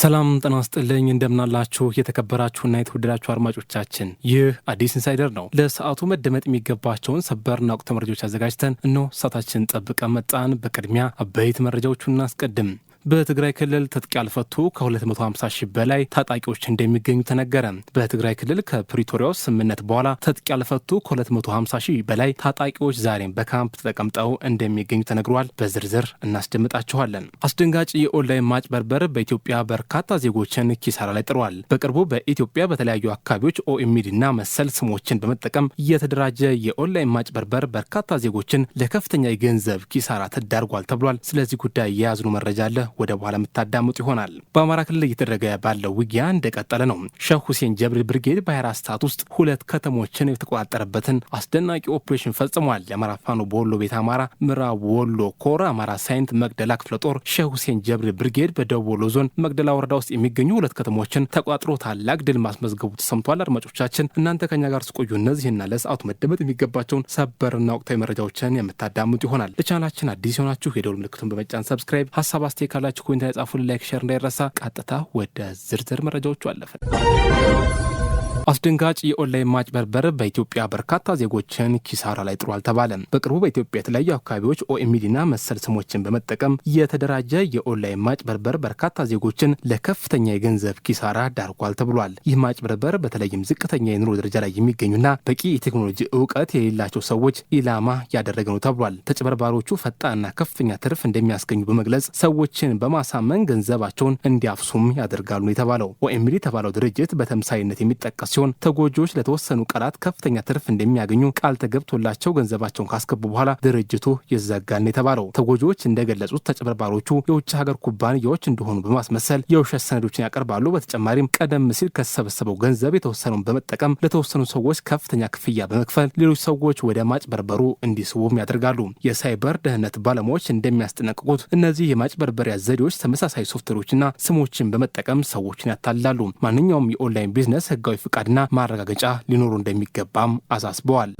ሰላም ጤና ይስጥልኝ። እንደምናላችሁ የተከበራችሁና የተወደዳችሁ አድማጮቻችን፣ ይህ አዲስ ኢንሳይደር ነው። ለሰዓቱ መደመጥ የሚገባቸውን ሰበርና ወቅታዊ መረጃዎች አዘጋጅተን እነሆ ሰዓታችን ጠብቀን መጣን። በቅድሚያ አበይት መረጃዎቹን እናስቀድም። በትግራይ ክልል ትጥቅ ያልፈቱ ከ250 ሺህ በላይ ታጣቂዎች እንደሚገኙ ተነገረ። በትግራይ ክልል ከፕሪቶሪያው ስምምነት በኋላ ትጥቅ ያልፈቱ ከ250 ሺህ በላይ ታጣቂዎች ዛሬም በካምፕ ተቀምጠው እንደሚገኙ ተነግሯል። በዝርዝር እናስደምጣችኋለን። አስደንጋጭ የኦንላይን ማጭበርበር በኢትዮጵያ በርካታ ዜጎችን ኪሳራ ላይ ጥሯል። በቅርቡ በኢትዮጵያ በተለያዩ አካባቢዎች ኦኤምዲ እና መሰል ስሞችን በመጠቀም እየተደራጀ የኦንላይን ማጭበርበር በርካታ ዜጎችን ለከፍተኛ የገንዘብ ኪሳራ ተዳርጓል ተብሏል። ስለዚህ ጉዳይ የያዝኑ መረጃ አለ ወደ በኋላ የምታዳምጡ ይሆናል። በአማራ ክልል እየተደረገ ባለው ውጊያ እንደቀጠለ ነው። ሼህ ሁሴን ጀብሪል ብርጌድ በሀራ ስታት ውስጥ ሁለት ከተሞችን የተቆጣጠረበትን አስደናቂ ኦፕሬሽን ፈጽሟል። የአማራ ፋኖ በወሎ ቤት አማራ ምዕራብ ወሎ ኮር አማራ ሳይንት መቅደላ ክፍለ ጦር ሼህ ሁሴን ጀብሪል ብርጌድ በደቡብ ወሎ ዞን መቅደላ ወረዳ ውስጥ የሚገኙ ሁለት ከተሞችን ተቆጣጥሮ ታላቅ ድል ማስመዝገቡ ተሰምቷል። አድማጮቻችን እናንተ ከኛ ጋር ስቆዩ እነዚህና ለሰዓቱ መደመጥ የሚገባቸውን ሰበርና ወቅታዊ መረጃዎችን የምታዳምጡ ይሆናል። ለቻናላችን አዲስ የሆናችሁ የደውል ምልክቱን በመጫን ሰብስክራይብ ሀሳብ አስቴካ ካላችሁ ኮሜንት ላይ ጻፉልን። ላይክ፣ ሸር እንዳይረሳ። ቀጥታ ወደ ዝርዝር መረጃዎቹ አለፍን። አስደንጋጭ የኦንላይን ማጭበርበር በኢትዮጵያ በርካታ ዜጎችን ኪሳራ ላይ ጥሏል ተባለ። በቅርቡ በኢትዮጵያ የተለያዩ አካባቢዎች ኦኤምዲና መሰል ስሞችን በመጠቀም የተደራጀ የኦንላይን ማጭበርበር በርካታ ዜጎችን ለከፍተኛ የገንዘብ ኪሳራ ዳርጓል ተብሏል። ይህ ማጭበርበር በተለይም ዝቅተኛ የኑሮ ደረጃ ላይ የሚገኙና በቂ የቴክኖሎጂ እውቀት የሌላቸው ሰዎች ኢላማ ያደረገ ነው ተብሏል። ተጭበርባሮቹ ፈጣንና ከፍተኛ ትርፍ እንደሚያስገኙ በመግለጽ ሰዎችን በማሳመን ገንዘባቸውን እንዲያፍሱም ያደርጋሉ የተባለው ኦኤምዲ የተባለው ድርጅት በተምሳይነት የሚጠቀስ ሲሆን ተጎጂዎች ለተወሰኑ ቀናት ከፍተኛ ትርፍ እንደሚያገኙ ቃል ተገብቶላቸው ገንዘባቸውን ካስገቡ በኋላ ድርጅቱ ይዘጋል ነው የተባለው። ተጎጂዎች እንደገለጹት ተጨበርባሮቹ የውጭ ሀገር ኩባንያዎች እንደሆኑ በማስመሰል የውሸት ሰነዶችን ያቀርባሉ። በተጨማሪም ቀደም ሲል ከተሰበሰበው ገንዘብ የተወሰነውን በመጠቀም ለተወሰኑ ሰዎች ከፍተኛ ክፍያ በመክፈል ሌሎች ሰዎች ወደ ማጭበርበሩ እንዲስቡም ያደርጋሉ። የሳይበር ደህንነት ባለሙያዎች እንደሚያስጠነቅቁት እነዚህ የማጭበርበሪያ ዘዴዎች ተመሳሳይ ሶፍትዌሮችና ስሞችን በመጠቀም ሰዎችን ያታላሉ። ማንኛውም የኦንላይን ቢዝነስ ህጋዊ ፍቃድ ማስረጃና ማረጋገጫ ሊኖሩ እንደሚገባም አሳስበዋል።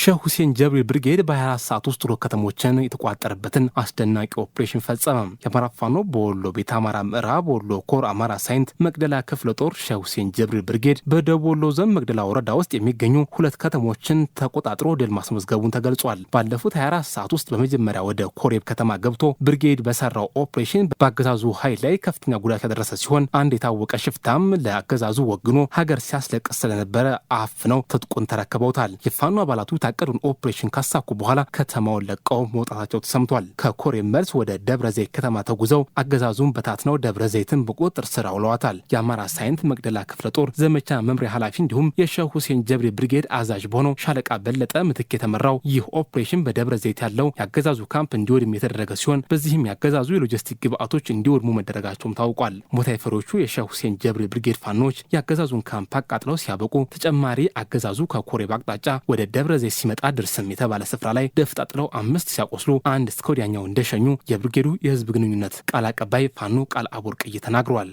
ሼህ ሁሴን ጀብሪል ብርጌድ በ24 ሰዓት ውስጥ ሁለት ከተሞችን የተቋጠረበትን አስደናቂ ኦፕሬሽን ፈጸመ። የአማራ ፋኖ በወሎ ቤት አማራ ምዕራብ ወሎ ኮር አማራ ሳይንት መቅደላ ክፍለ ጦር ሼህ ሁሴን ጀብሪል ብርጌድ በደቡብ ወሎ ዞን መቅደላ ወረዳ ውስጥ የሚገኙ ሁለት ከተሞችን ተቆጣጥሮ ድል ማስመዝገቡን ተገልጿል። ባለፉት 24 ሰዓት ውስጥ በመጀመሪያ ወደ ኮሬብ ከተማ ገብቶ ብርጌድ በሰራው ኦፕሬሽን በአገዛዙ ኃይል ላይ ከፍተኛ ጉዳት ያደረሰ ሲሆን አንድ የታወቀ ሽፍታም ለአገዛዙ ወግኖ ሀገር ሲያስለቅስ ስለነበረ አፍ ነው ትጥቁን ተረክበውታል። የፋኖ አባላቱ የታቀደውን ኦፕሬሽን ካሳኩ በኋላ ከተማውን ለቀው መውጣታቸው ተሰምቷል። ከኮሬ መልስ ወደ ደብረ ዘይት ከተማ ተጉዘው አገዛዙን በታትነው ደብረ ዘይትን በቁጥጥር ስር አውለዋታል። የአማራ ሳይንት መቅደላ ክፍለ ጦር ዘመቻ መምሪያ ኃላፊ እንዲሁም የሸህ ሁሴን ጀብሪ ብሪጌድ አዛዥ በሆነው ሻለቃ በለጠ ምትክ የተመራው ይህ ኦፕሬሽን በደብረ ዘይት ያለው የአገዛዙ ካምፕ እንዲወድም የተደረገ ሲሆን በዚህም የአገዛዙ የሎጂስቲክ ግብአቶች እንዲወድሙ መደረጋቸውም ታውቋል። ሞታይ ፈሮቹ የሸህ ሁሴን ጀብሪ ብሪጌድ ፋኖች የአገዛዙን ካምፕ አቃጥለው ሲያበቁ ተጨማሪ አገዛዙ ከኮሬ በአቅጣጫ ወደ ደብረ ዘይት ፖሊስ ሲመጣ ድርስም የተባለ ስፍራ ላይ ደፍጣ ጥለው አምስት ሲያቆስሉ አንድ እስከ ወዲያኛው እንደሸኙ የብርጌዱ የህዝብ ግንኙነት ቃል አቀባይ ፋኖ ቃል አቦርቅዬ ተናግረዋል።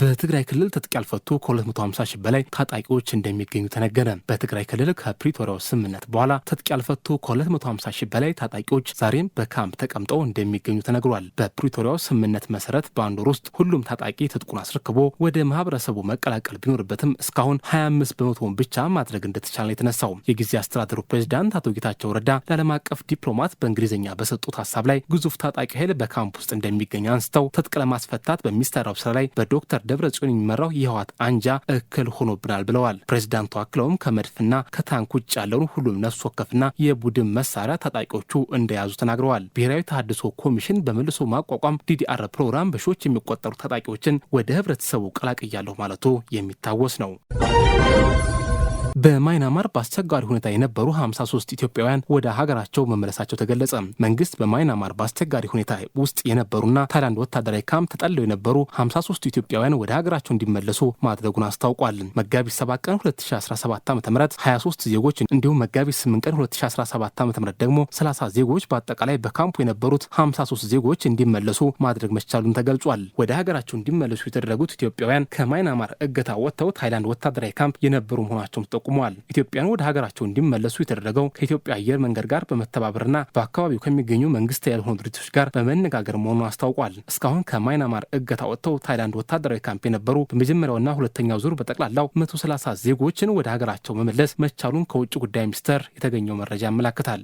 በትግራይ ክልል ትጥቅ ያልፈቱ ከ250 ሺህ በላይ ታጣቂዎች እንደሚገኙ ተነገረ። በትግራይ ክልል ከፕሪቶሪያው ስምምነት በኋላ ትጥቅ ያልፈቱ ከ250 ሺህ በላይ ታጣቂዎች ዛሬም በካምፕ ተቀምጠው እንደሚገኙ ተነግሯል። በፕሪቶሪያው ስምምነት መሰረት በአንድ ወር ውስጥ ሁሉም ታጣቂ ትጥቁን አስረክቦ ወደ ማህበረሰቡ መቀላቀል ቢኖርበትም እስካሁን 25 በመቶውን ብቻ ማድረግ እንደተቻለ የተነሳው የጊዜ አስተዳደሩ ፕሬዚዳንት አቶ ጌታቸው ረዳ ለዓለም አቀፍ ዲፕሎማት በእንግሊዝኛ በሰጡት ሀሳብ ላይ ግዙፍ ታጣቂ ኃይል በካምፕ ውስጥ እንደሚገኝ አንስተው ትጥቅ ለማስፈታት በሚሰራው ስራ ላይ በዶክተር በዶክተር ደብረ ጽዮን የሚመራው የህወሓት አንጃ እክል ሆኖብናል ብለዋል። ፕሬዚዳንቱ አክለውም ከመድፍና ከታንክ ውጭ ያለውን ሁሉም ነፍስ ወከፍና የቡድን መሳሪያ ታጣቂዎቹ እንደያዙ ተናግረዋል። ብሔራዊ ተሃድሶ ኮሚሽን በመልሶ ማቋቋም ዲዲአር ፕሮግራም በሺዎች የሚቆጠሩ ታጣቂዎችን ወደ ህብረተሰቡ ቀላቅያለሁ ማለቱ የሚታወስ ነው። በማይናማር በአስቸጋሪ ሁኔታ የነበሩ 53 ኢትዮጵያውያን ወደ ሀገራቸው መመለሳቸው ተገለጸ። መንግስት በማይናማር በአስቸጋሪ ሁኔታ ውስጥ የነበሩና ታይላንድ ወታደራዊ ካምፕ ተጠለው የነበሩ 53 ኢትዮጵያውያን ወደ ሀገራቸው እንዲመለሱ ማድረጉን አስታውቋል። መጋቢት 7 ቀን 2017 ዓ ም 23 ዜጎች እንዲሁም መጋቢት 8 ቀን 2017 ዓ ም ደግሞ 30 ዜጎች በአጠቃላይ በካምፑ የነበሩት 53 ዜጎች እንዲመለሱ ማድረግ መቻሉን ተገልጿል። ወደ ሀገራቸው እንዲመለሱ የተደረጉት ኢትዮጵያውያን ከማይናማር እገታ ወጥተው ታይላንድ ወታደራዊ ካምፕ የነበሩ መሆናቸውም ጠቁመዋል። ኢትዮጵያን ወደ ሀገራቸው እንዲመለሱ የተደረገው ከኢትዮጵያ አየር መንገድ ጋር በመተባበርና በአካባቢው ከሚገኙ መንግስት ያልሆኑ ድርጅቶች ጋር በመነጋገር መሆኑን አስታውቋል። እስካሁን ከማይናማር እገታ ወጥተው ታይላንድ ወታደራዊ ካምፕ የነበሩ በመጀመሪያውና ሁለተኛው ዙር በጠቅላላው 130 ዜጎችን ወደ ሀገራቸው መመለስ መቻሉን ከውጭ ጉዳይ ሚኒስቴር የተገኘው መረጃ ያመላክታል።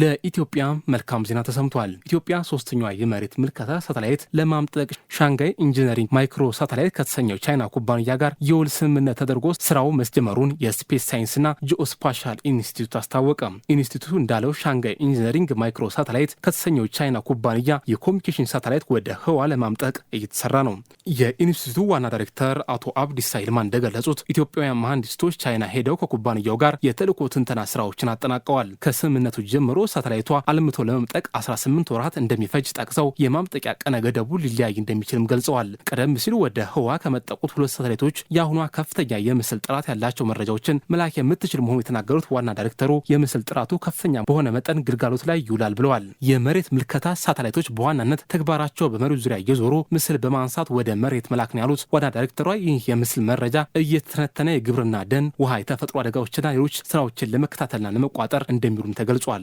ለኢትዮጵያ መልካም ዜና ተሰምቷል። ኢትዮጵያ ሶስተኛዋ የመሬት ምልከታ ሳተላይት ለማምጠቅ ሻንጋይ ኢንጂነሪንግ ማይክሮ ሳተላይት ከተሰኘው ቻይና ኩባንያ ጋር የውል ስምምነት ተደርጎ ስራው መስጀመሩን የስፔስ ሳይንስና ጂኦስፓሻል ኢንስቲቱት አስታወቀ። ኢንስቲቱቱ እንዳለው ሻንጋይ ኢንጂነሪንግ ማይክሮ ሳተላይት ከተሰኘው ቻይና ኩባንያ የኮሚኒኬሽን ሳተላይት ወደ ህዋ ለማምጠቅ እየተሰራ ነው። የኢንስቲቱቱ ዋና ዳይሬክተር አቶ አብዲሳ ይልማ እንደገለጹት ኢትዮጵያውያን መሐንዲስቶች ቻይና ሄደው ከኩባንያው ጋር የተልእኮ ትንተና ስራዎችን አጠናቀዋል። ከስምምነቱ ጀምሮ ጀምሮ ሳተላይቷ አልምቶ ለመምጠቅ 18 ወራት እንደሚፈጅ ጠቅሰው የማምጠቂያ ቀነ ገደቡ ሊለያይ እንደሚችልም ገልጸዋል። ቀደም ሲል ወደ ህዋ ከመጠቁት ሁለት ሳተላይቶች የአሁኗ ከፍተኛ የምስል ጥራት ያላቸው መረጃዎችን መላክ የምትችል መሆኑ የተናገሩት ዋና ዳይሬክተሩ የምስል ጥራቱ ከፍተኛ በሆነ መጠን ግልጋሎት ላይ ይውላል ብለዋል። የመሬት ምልከታ ሳተላይቶች በዋናነት ተግባራቸው በመሬት ዙሪያ እየዞሩ ምስል በማንሳት ወደ መሬት መላክ ነው ያሉት ዋና ዳይሬክተሯ ይህ የምስል መረጃ እየተነተነ የግብርና ደን፣ ውሃ፣ የተፈጥሮ አደጋዎችና ሌሎች ስራዎችን ለመከታተልና ለመቋጠር እንደሚሉም ተገልጿል።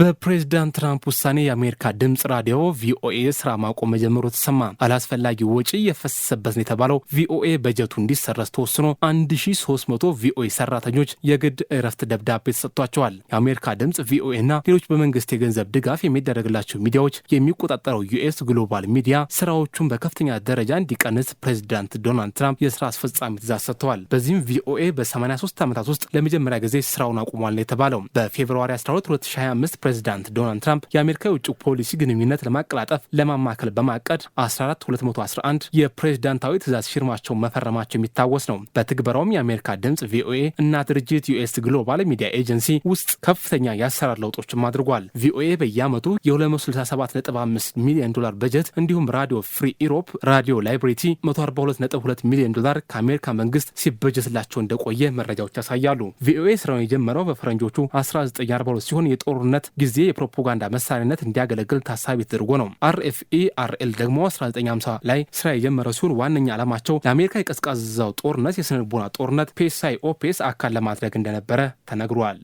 በፕሬዝዳንት ትራምፕ ውሳኔ የአሜሪካ ድምፅ ራዲዮ ቪኦኤ ስራ ማቆም መጀመሩ ተሰማ። አላስፈላጊ ወጪ የፈሰሰበት ነው የተባለው ቪኦኤ በጀቱ እንዲሰረዝ ተወስኖ 1300 ቪኦኤ ሰራተኞች የግድ እረፍት ደብዳቤ ተሰጥቷቸዋል። የአሜሪካ ድምፅ ቪኦኤና ሌሎች በመንግስት የገንዘብ ድጋፍ የሚደረግላቸው ሚዲያዎች የሚቆጣጠረው ዩኤስ ግሎባል ሚዲያ ስራዎቹን በከፍተኛ ደረጃ እንዲቀንስ ፕሬዝዳንት ዶናልድ ትራምፕ የስራ አስፈጻሚ ትእዛዝ ሰጥተዋል። በዚህም ቪኦኤ በ83 ዓመታት ውስጥ ለመጀመሪያ ጊዜ ስራውን አቁሟል ነው የተባለው በፌብርዋሪ 12 2025 ፕሬዚዳንት ዶናልድ ትራምፕ የአሜሪካ የውጭ ፖሊሲ ግንኙነት ለማቀላጠፍ ለማማከል በማቀድ 14211 የፕሬዝዳንታዊ ትእዛዝ ሽርማቸው መፈረማቸው የሚታወስ ነው። በትግበራውም የአሜሪካ ድምፅ ቪኦኤ እና ድርጅት ዩኤስ ግሎባል ሚዲያ ኤጀንሲ ውስጥ ከፍተኛ የአሰራር ለውጦችም አድርጓል። ቪኦኤ በየዓመቱ የ267.5 ሚሊዮን ዶላር በጀት እንዲሁም ራዲዮ ፍሪ ኢሮፕ፣ ራዲዮ ላይብሬቲ 142.2 ሚሊዮን ዶላር ከአሜሪካ መንግስት ሲበጀትላቸው እንደቆየ መረጃዎች ያሳያሉ። ቪኦኤ ስራውን የጀመረው በፈረንጆቹ 1942 ሲሆን የጦርነት ጊዜ የፕሮፓጋንዳ መሳሪያነት እንዲያገለግል ታሳቢ ተደርጎ ነው። አርኤፍኢ አርኤል ደግሞ 1950 ላይ ስራ የጀመረ ሲሆን ዋነኛ ዓላማቸው ለአሜሪካ የቀዝቃዛው ጦርነት የስነልቦና ጦርነት ፔሳይ ኦፔስ አካል ለማድረግ እንደነበረ ተነግሯል።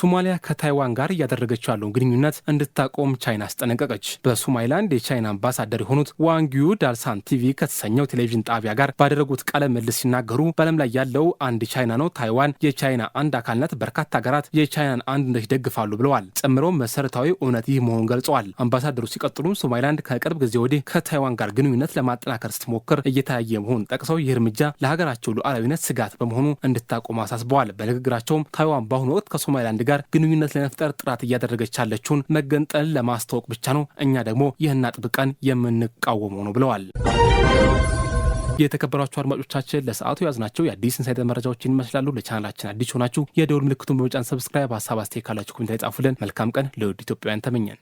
ሶማሊያ ከታይዋን ጋር እያደረገች ያለውን ግንኙነት እንድታቆም ቻይና አስጠነቀቀች። በሶማሊላንድ የቻይና አምባሳደር የሆኑት ዋንጊዩ ዳልሳን ቲቪ ከተሰኘው ቴሌቪዥን ጣቢያ ጋር ባደረጉት ቃለ ምልልስ ሲናገሩ በዓለም ላይ ያለው አንድ ቻይና ነው፣ ታይዋን የቻይና አንድ አካል ናት፣ በርካታ ሀገራት የቻይናን አንድነት ይደግፋሉ ብለዋል። ጨምረው መሰረታዊ እውነት ይህ መሆኑን ገልጸዋል። አምባሳደሩ ሲቀጥሉ ሶማሊላንድ ከቅርብ ጊዜ ወዲህ ከታይዋን ጋር ግንኙነት ለማጠናከር ስትሞክር እየታየ መሆኑን ጠቅሰው ይህ እርምጃ ለሀገራቸው ሉዓላዊነት ስጋት በመሆኑ እንድታቆም አሳስበዋል። በንግግራቸውም ታይዋን በአሁኑ ወቅት ከሶማሊላንድ ጋር ግንኙነት ለመፍጠር ጥራት እያደረገች ያለችውን መገንጠል ለማስተዋወቅ ብቻ ነው። እኛ ደግሞ ይህን አጥብቀን የምንቃወመው ነው ብለዋል። የተከበራችሁ አድማጮቻችን ለሰዓቱ የያዝናቸው የአዲስ ኢንሳይደር መረጃዎችን ይመስላሉ። ለቻናላችን አዲስ ሆናችሁ የደውል ምልክቱን በመጫን ሰብስክራይብ፣ ሀሳብ አስተያየት ካላችሁ ኮሜንት ላይ ጻፉልን። መልካም ቀን ለውድ ኢትዮጵያውያን ተመኘን።